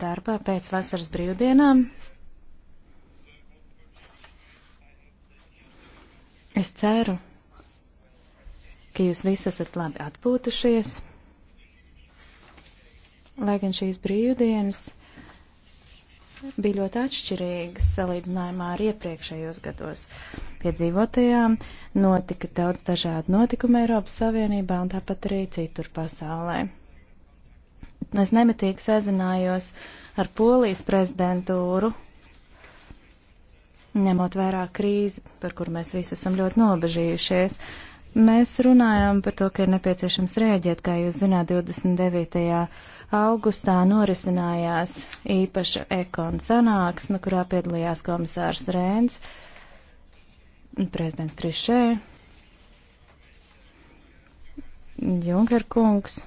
darbā pēc vasaras brīvdienām. Es ceru, ka jūs visi esat labi atpūtušies, lai gan šīs brīvdienas bija ļoti atšķirīgas salīdzinājumā ar iepriekšējos gados piedzīvotajām. Notika daudz dažādu notikumu Eiropas Savienībā un tāpat arī citur pasaulē. Es nemitīgi sazinājos ar Polijas prezidentūru, ņemot vērā krīzi, par kuru mēs visi esam ļoti nobežījušies. Mēs runājām par to, ka ir nepieciešams rēģēt, kā jūs zināt, 29. augustā norisinājās īpaša ekonu sanāksme, kurā piedalījās komisārs Rēns, prezidents Trišē, Junker kungs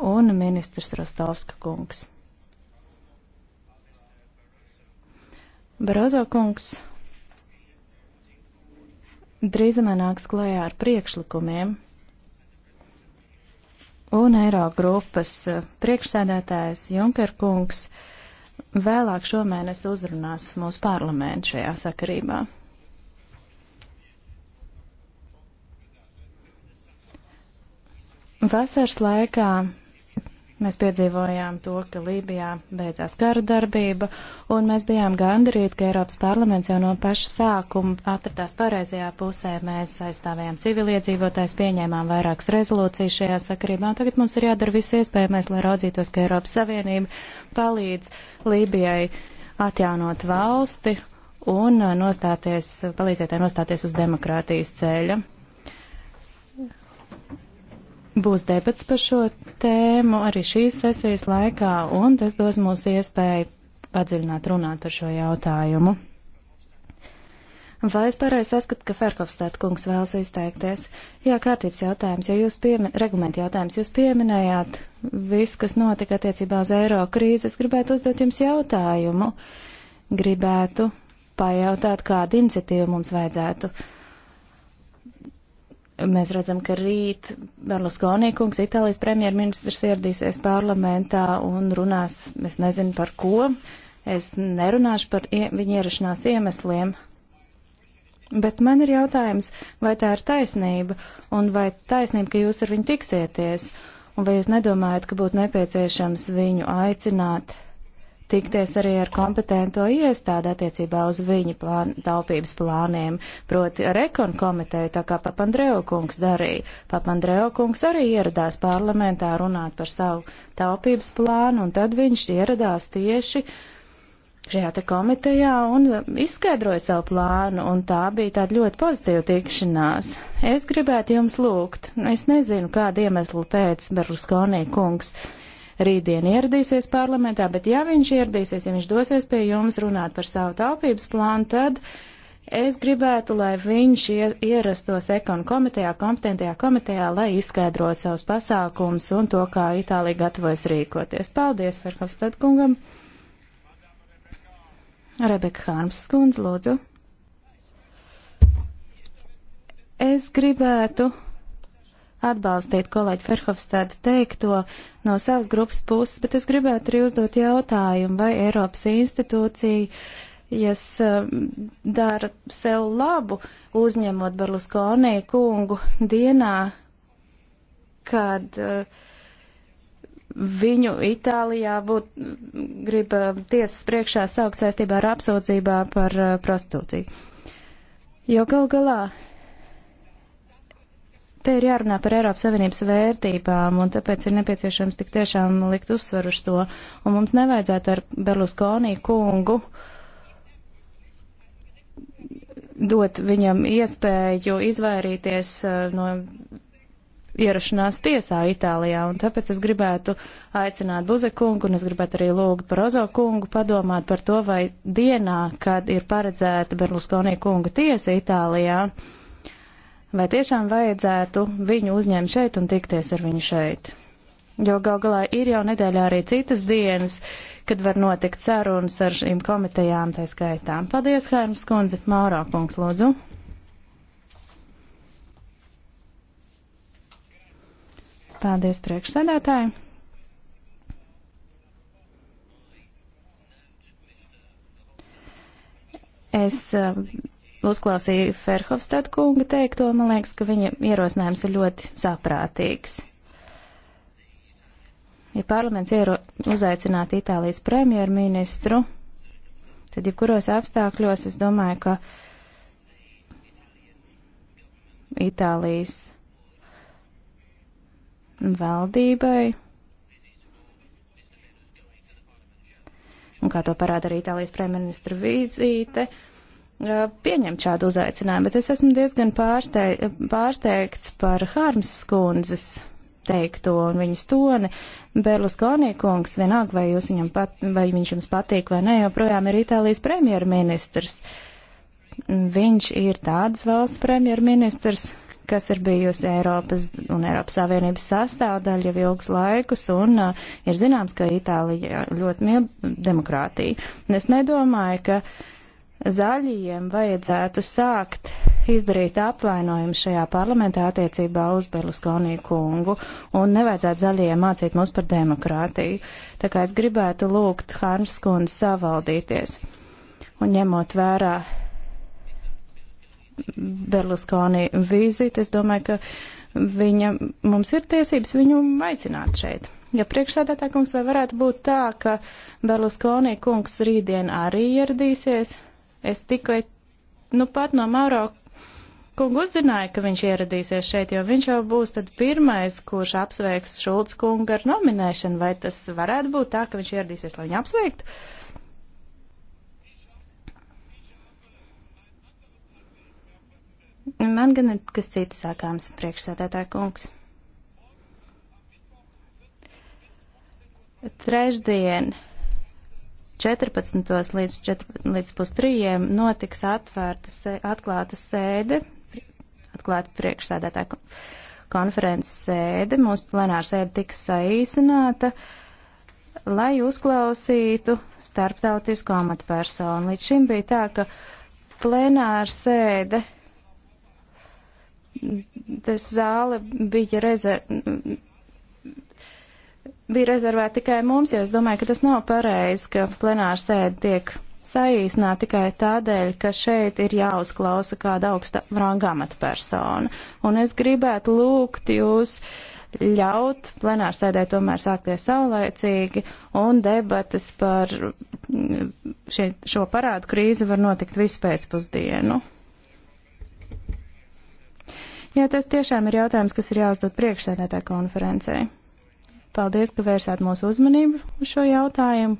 un ministrs Rostovska kungs. Barozo kungs drīzumā nāks klajā ar priekšlikumiem, un Eiro grupas eh, priekšsēdētājs Junker kungs vēlāk šomēnes uzrunās mūsu parlamentu šajā sakarībā. Vasaras laikā Mēs piedzīvojām to, ka Lībijā beidzās kara darbība, un mēs bijām gandarīti, ka Eiropas parlaments jau no paša sākuma atradās pareizajā pusē. Mēs aizstāvējām civiliedzīvotājs, pieņēmām vairākas rezolūcijas šajā sakarībā, un tagad mums ir jādara viss iespējamais, lai raudzītos, ka Eiropas Savienība palīdz Lībijai atjaunot valsti un nostāties, palīdzēt tai nostāties uz demokrātijas ceļa. Būs debats par šo tēmu arī šīs sesijas laikā, un tas dos mums iespēju padziļināt runāt par šo jautājumu. Vai es pareizi saskatu, ka Ferkovstāt kungs vēlas izteikties? Jā, kārtības jautājums, ja jūs piemin, reglamenta jautājums, jūs pieminējāt visu, kas notika attiecībā uz eiro krīzi, es gribētu uzdot jums jautājumu. Gribētu pajautāt, kādu iniciatīvu mums vajadzētu uh, Mēs redzam, ka rīt Berluskonī kungs, Itālijas premjerministrs, ieradīsies parlamentā un runās, es nezinu par ko, es nerunāšu par ie, viņa ierašanās iemesliem. Bet man ir jautājums, vai tā ir taisnība, un vai taisnība, ka jūs ar viņu tiksieties, un vai jūs nedomājat, ka būtu nepieciešams viņu aicināt tikties arī ar kompetento iestādi attiecībā uz viņa plān, taupības plāniem, proti ar ekonu komiteju, tā kā Papandreo kungs darīja. Papandreo kungs arī ieradās parlamentā runāt par savu taupības plānu, un tad viņš ieradās tieši šajā te komitejā un izskaidroja savu plānu, un tā bija tāda ļoti pozitīva tikšanās. Es gribētu jums lūgt, es nezinu, kāda iemesla pēc Berluskonī kungs rītdien ieradīsies parlamentā, bet ja viņš ieradīsies, ja viņš dosies pie jums runāt par savu taupības plānu, tad es gribētu, lai viņš ierastos ekonu komitejā, kompetentajā komitejā, lai izskaidrot savus pasākums un to, kā Itālija gatavojas rīkoties. Paldies, Ferhofstad kungam. Rebeka Hārms skundz, lūdzu. Es gribētu atbalstīt kolēģi Ferhofstādu teikto no savas grupas puses, bet es gribētu arī uzdot jautājumu, vai Eiropas institūcija jas eh, dara sev labu, uzņemot Berluskonī kungu dienā, kad uh, viņu Itālijā būt, grib eh, tiesas priekšā saukt saistībā ar apsūdzībā par prostitūciju. Jo gal galā Te ir jārunā par Eiropas Savienības vērtībām, un tāpēc ir nepieciešams tik tiešām likt uzsvaru uz to. Un mums nevajadzētu ar Berluskonī kungu dot viņam iespēju izvairīties uh, no ierašanās tiesā Itālijā, un tāpēc es gribētu aicināt Buzekungu, un es gribētu arī lūgt par Ozokungu padomāt par to, vai dienā, kad ir paredzēta Berluskonī kunga tiesa Itālijā, uh, Vai tiešām vajadzētu viņu uzņemt šeit un tikties ar viņu šeit? Jo gal galā ir jau nedēļā arī citas dienas, kad var notikt sarunas ar šīm komitejām, tā skaitām. Paldies, Haimas kundze, Maurā kungs, lūdzu. Paldies, priekšsēdētāji. Es uh, uzklausīju Ferhofstad kunga teikto, man liekas, ka viņa ierosinājums ir ļoti saprātīgs. Ja parlaments iero, uzaicinātu Itālijas premjerministru, tad jebkuros ja apstākļos es domāju, ka Itālijas valdībai un kā to parāda arī Itālijas premjerministra vizīte, uh, pieņemt šādu uzaicinājumu, bet es esmu diezgan pārsteig, pārsteigts par Hārmas skundzes teikto un viņas toni. Berluskonī kungs, vienalga, vai, jūs viņam pat, vai viņš jums patīk vai nē, joprojām ir Itālijas premjerministrs. Viņš ir tāds valsts premjerministrs, kas ir bijusi Eiropas un Eiropas Savienības sastāvdaļa jau ilgus laikus, un uh, ir zināms, ka Itālija ļoti mīl demokrātiju. Es nedomāju, ka zaļajiem vajadzētu sākt izdarīt apvainojumu šajā parlamentā attiecībā uz Berluskonī kungu un nevajadzētu zaļajiem mācīt mūs par demokrātiju. Tā kā es gribētu lūgt Harms kundzi savaldīties un ņemot vērā Berluskonī vizīti, es domāju, ka viņa, mums ir tiesības viņu aicināt šeit. Ja priekšsēdētā kungs vai varētu būt tā, ka Berluskonī kungs rītdien arī ieradīsies, Es tikai, nu pat no Mauro kungu uzzināju, ka viņš ieradīsies šeit, jo viņš jau būs tad pirmais, kurš apsveiks Šulc kungu ar nominēšanu. Vai tas varētu būt tā, ka viņš ieradīsies, lai viņu apsveiktu? Man gan ir kas cits sākāms, priekšsēdētāja kungs. Trešdien 14. līdz, 4, līdz pustrījiem notiks atvērta, atklāta sēde, atklāta priekšsēdētāja konferences sēde. Mūsu plenāra sēde tiks saīsināta, lai uzklausītu starptautisku amatpersonu. Līdz šim bija tā, ka plenāra sēde, tas zāle bija rezervēta bija rezervēta tikai mums, jo es domāju, ka tas nav pareizi, ka plenāra sēde tiek saīsināta tikai tādēļ, ka šeit ir jāuzklausa kāda augsta ranga amatpersona. Un es gribētu lūgt jūs ļaut plenārsēdē tomēr sākties saulēcīgi un debatas par šie, šo parādu krīzi var notikt visu pēcpusdienu. Jā, tas tiešām ir jautājums, kas ir jāuzdod priekšsēdētāja konferencei. Paldies, ka vērsāt mūsu uzmanību uz šo jautājumu.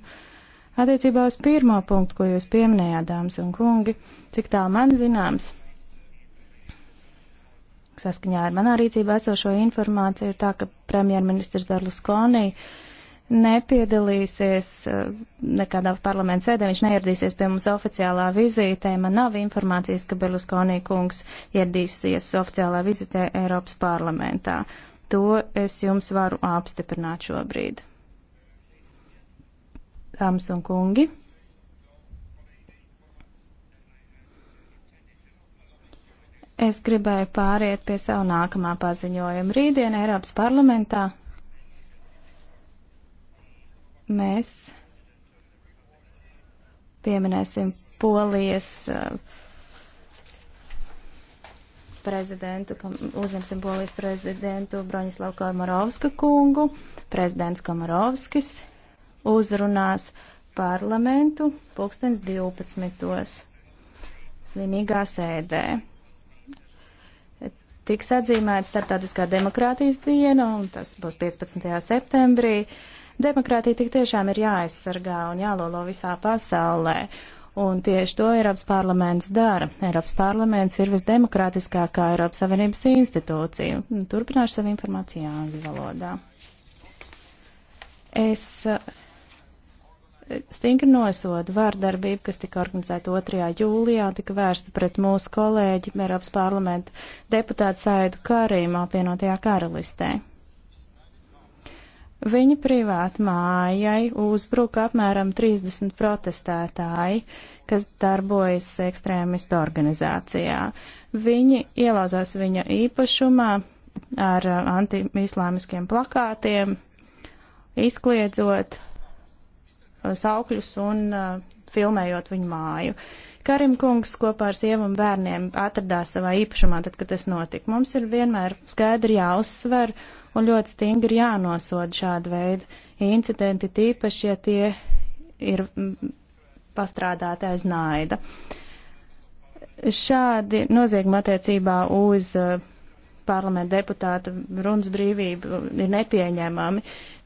Attiecībā uz pirmo punktu, ko jūs pieminējāt, dāmas un kungi, cik tālu man zināms, saskaņā ar manā rīcībā esošo informāciju, ir tā, ka premjerministrs Berluskonī nepiedalīsies eh, nekādā parlamenta sēdē, viņš neieradīsies pie mums oficiālā vizītē. Man nav informācijas, ka Berluskonī kungs ieradīsies oficiālā vizītē Eiropas parlamentā. Uh, To es jums varu apstiprināt šobrīd. Dāmas un kungi. Es gribēju pāriet pie savu nākamā paziņojumu. Rītdien Eiropas parlamentā mēs pieminēsim polijas uh, prezidentu, uzņemsim Polijas prezidentu Broņislavu Komarovska kungu. Prezidents Komarovskis uzrunās parlamentu pulkstens 12. svinīgā sēdē. Tiks atzīmēta starptautiskā demokrātijas diena, un tas būs 15. septembrī. Demokrātija tik tiešām ir jāaizsargā un jālolo visā pasaulē. Un tieši to Eiropas parlaments dara. Eiropas parlaments ir visdemokrātiskākā Eiropas Savienības institūcija. Turpināšu savu informāciju angļu valodā. Es eh, stingri nosodu vārdarbību, kas tika organizēta 2. jūlijā un tika vērsta pret mūsu kolēģi Eiropas parlamenta deputātu Saidu Karīmu apvienotajā karalistē. Viņa privāti mājai uzbruka apmēram 30 protestētāji, kas darbojas ekstrēmistu organizācijā. Viņi ielauzās viņa īpašumā ar uh, anti-islāmiskiem plakātiem, izkliedzot uh, saukļus un uh, filmējot viņu māju. Karim kungs kopā ar sievu un bērniem atradās savā īpašumā, tad, kad tas notika. Mums ir vienmēr skaidri jāuzsver un ļoti stingri jānosoda šāda veida incidenti, tīpaši, ja tie ir pastrādāti aiz naida. Šādi noziegumi attiecībā uz uh, parlamenta deputāta runas brīvība ir nepieņemami.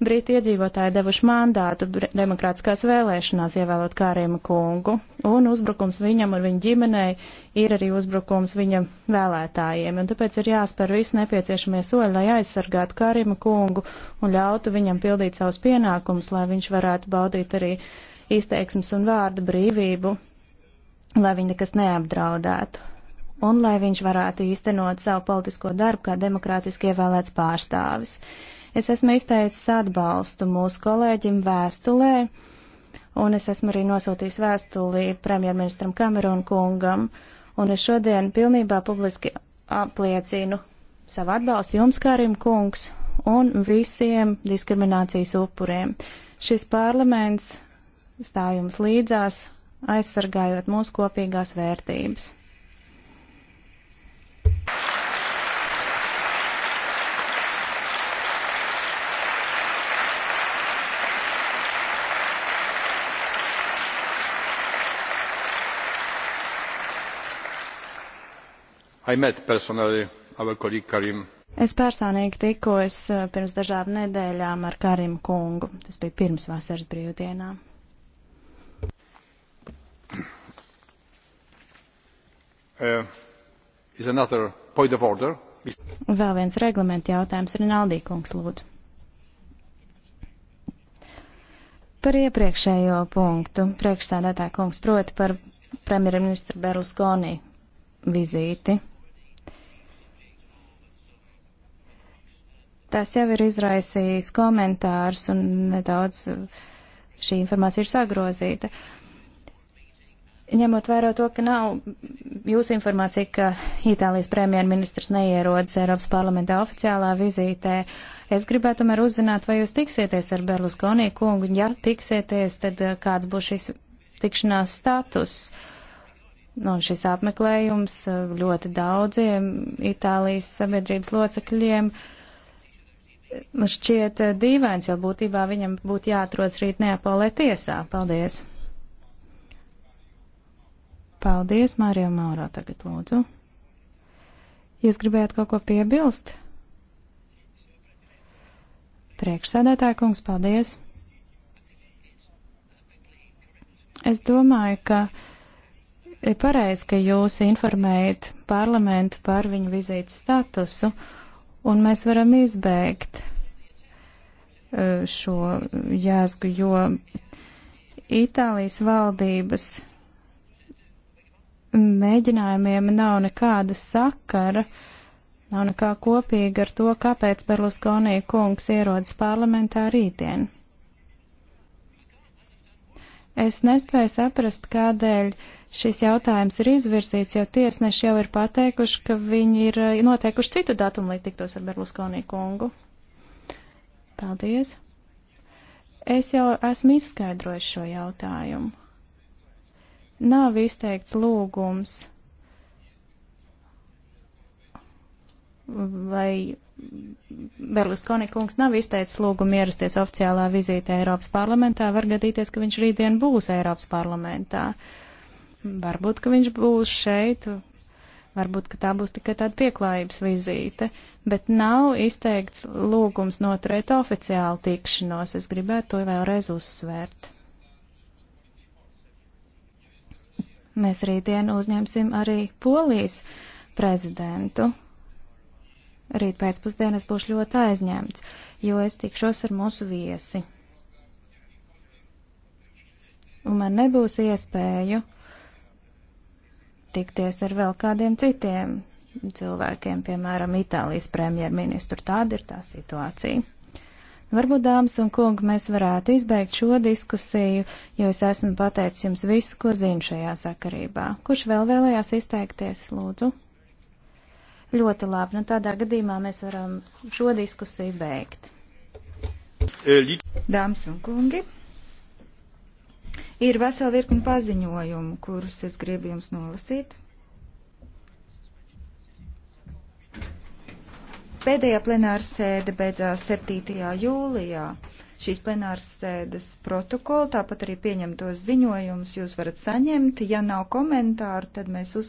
Brīti iedzīvotāji devuši mandātu demokrātiskās vēlēšanās ievēlot Kārēma kungu, un uzbrukums viņam un viņa ģimenei ir arī uzbrukums viņa vēlētājiem, un tāpēc ir jāspēr visi nepieciešamie soļi, lai aizsargātu Kārēma kungu un ļautu viņam pildīt savus pienākumus, lai viņš varētu baudīt arī izteiksmes un vārda brīvību, lai viņa nekas neapdraudētu un lai viņš varētu īstenot savu politisko darbu kā demokrātiski ievēlēts pārstāvis. Es esmu izteicis atbalstu mūsu kolēģim vēstulē, un es esmu arī nosūtījis vēstuli premjerministram Kamerun kungam, un es šodien pilnībā publiski apliecinu savu atbalstu jums, Kārim kungs, un visiem diskriminācijas upuriem. Šis parlaments stāv jums līdzās, aizsargājot mūsu kopīgās vērtības. I met personally our colleague Karim. Es personīgi tikos eh, pirms dažām nedēļām ar Karim kungu. Tas bija pirms vasaras brīvdienām. Uh, is another point of order. Vēl viens reglamenta jautājums ir Naldī kungs lūdzu. Par iepriekšējo punktu priekšsēdētāja kungs proti par premjerministra Berlusconi vizīti tas jau ir izraisījis komentārs un nedaudz šī informācija ir sagrozīta. Ņemot vērā to, ka nav jūsu informācija, ka Itālijas premjerministrs neierodas Eiropas parlamentā oficiālā vizītē, es gribētu tomēr uzzināt, vai jūs tiksieties ar Berluskonī kungu, un ja tiksieties, tad eh, kāds būs šis tikšanās status. Nu, un šis apmeklējums eh, ļoti daudziem Itālijas sabiedrības locekļiem uh, šķiet eh, dīvains, jo būtībā viņam būtu jāatrodas rīt Neapolē tiesā. Paldies! Paldies, Mārijam Mauro, tagad lūdzu. Jūs gribējāt kaut ko piebilst? Priekšsēdētāja kungs, paldies. Es domāju, ka ir pareizi, ka jūs informējat parlamentu par viņu vizītes statusu un mēs varam izbeigt uh, šo jēzgu, jo Itālijas valdības mēģinājumiem nav nekāda sakara, nav nekā kopīga ar to, kāpēc Berluskonī kungs ierodas parlamentā rītdien. Es nespēju saprast, kādēļ šis jautājums ir izvirzīts, jo tiesneši jau ir pateikuši, ka viņi ir noteikuši citu datumu, lai tiktos ar Berluskonī kungu. Paldies. Es jau esmu izskaidrojis šo jautājumu. Nav izteikts lūgums vai Berluskoni kungs nav izteicis lūgumu ierasties oficiālā vizītē Eiropas parlamentā, var gadīties, ka viņš rītdien būs Eiropas parlamentā. Varbūt, ka viņš būs šeit, varbūt, ka tā būs tikai tāda pieklājības vizīte, bet nav izteikts lūgums noturēt oficiālu tikšanos. Es gribētu to vēlreiz uzsvērt. Mēs rītdien uzņemsim arī Polijas prezidentu rīt pēcpusdienas būšu ļoti aizņemts, jo es tikšos ar mūsu viesi. Un man nebūs iespēju tikties ar vēl kādiem citiem cilvēkiem, piemēram, Itālijas premjerministru. Tāda ir tā situācija. Varbūt, dāmas un kungi, mēs varētu izbeigt šo diskusiju, jo es esmu pateicis jums visu, ko zinu šajā sakarībā. Kurš vēl vēlējās izteikties, lūdzu? Ļoti labi. Nu, tādā gadījumā mēs varam šo diskusiju beigt. E, Dāmas un kungi, ir vesela virkni paziņojumu, kurus es gribu jums nolasīt. Pēdējā plenāra sēde beidzās 7. jūlijā. Šīs plenāras sēdes protokolu, tāpat arī pieņemtos ziņojumus jūs varat saņemt. Ja nav komentāru, tad mēs uz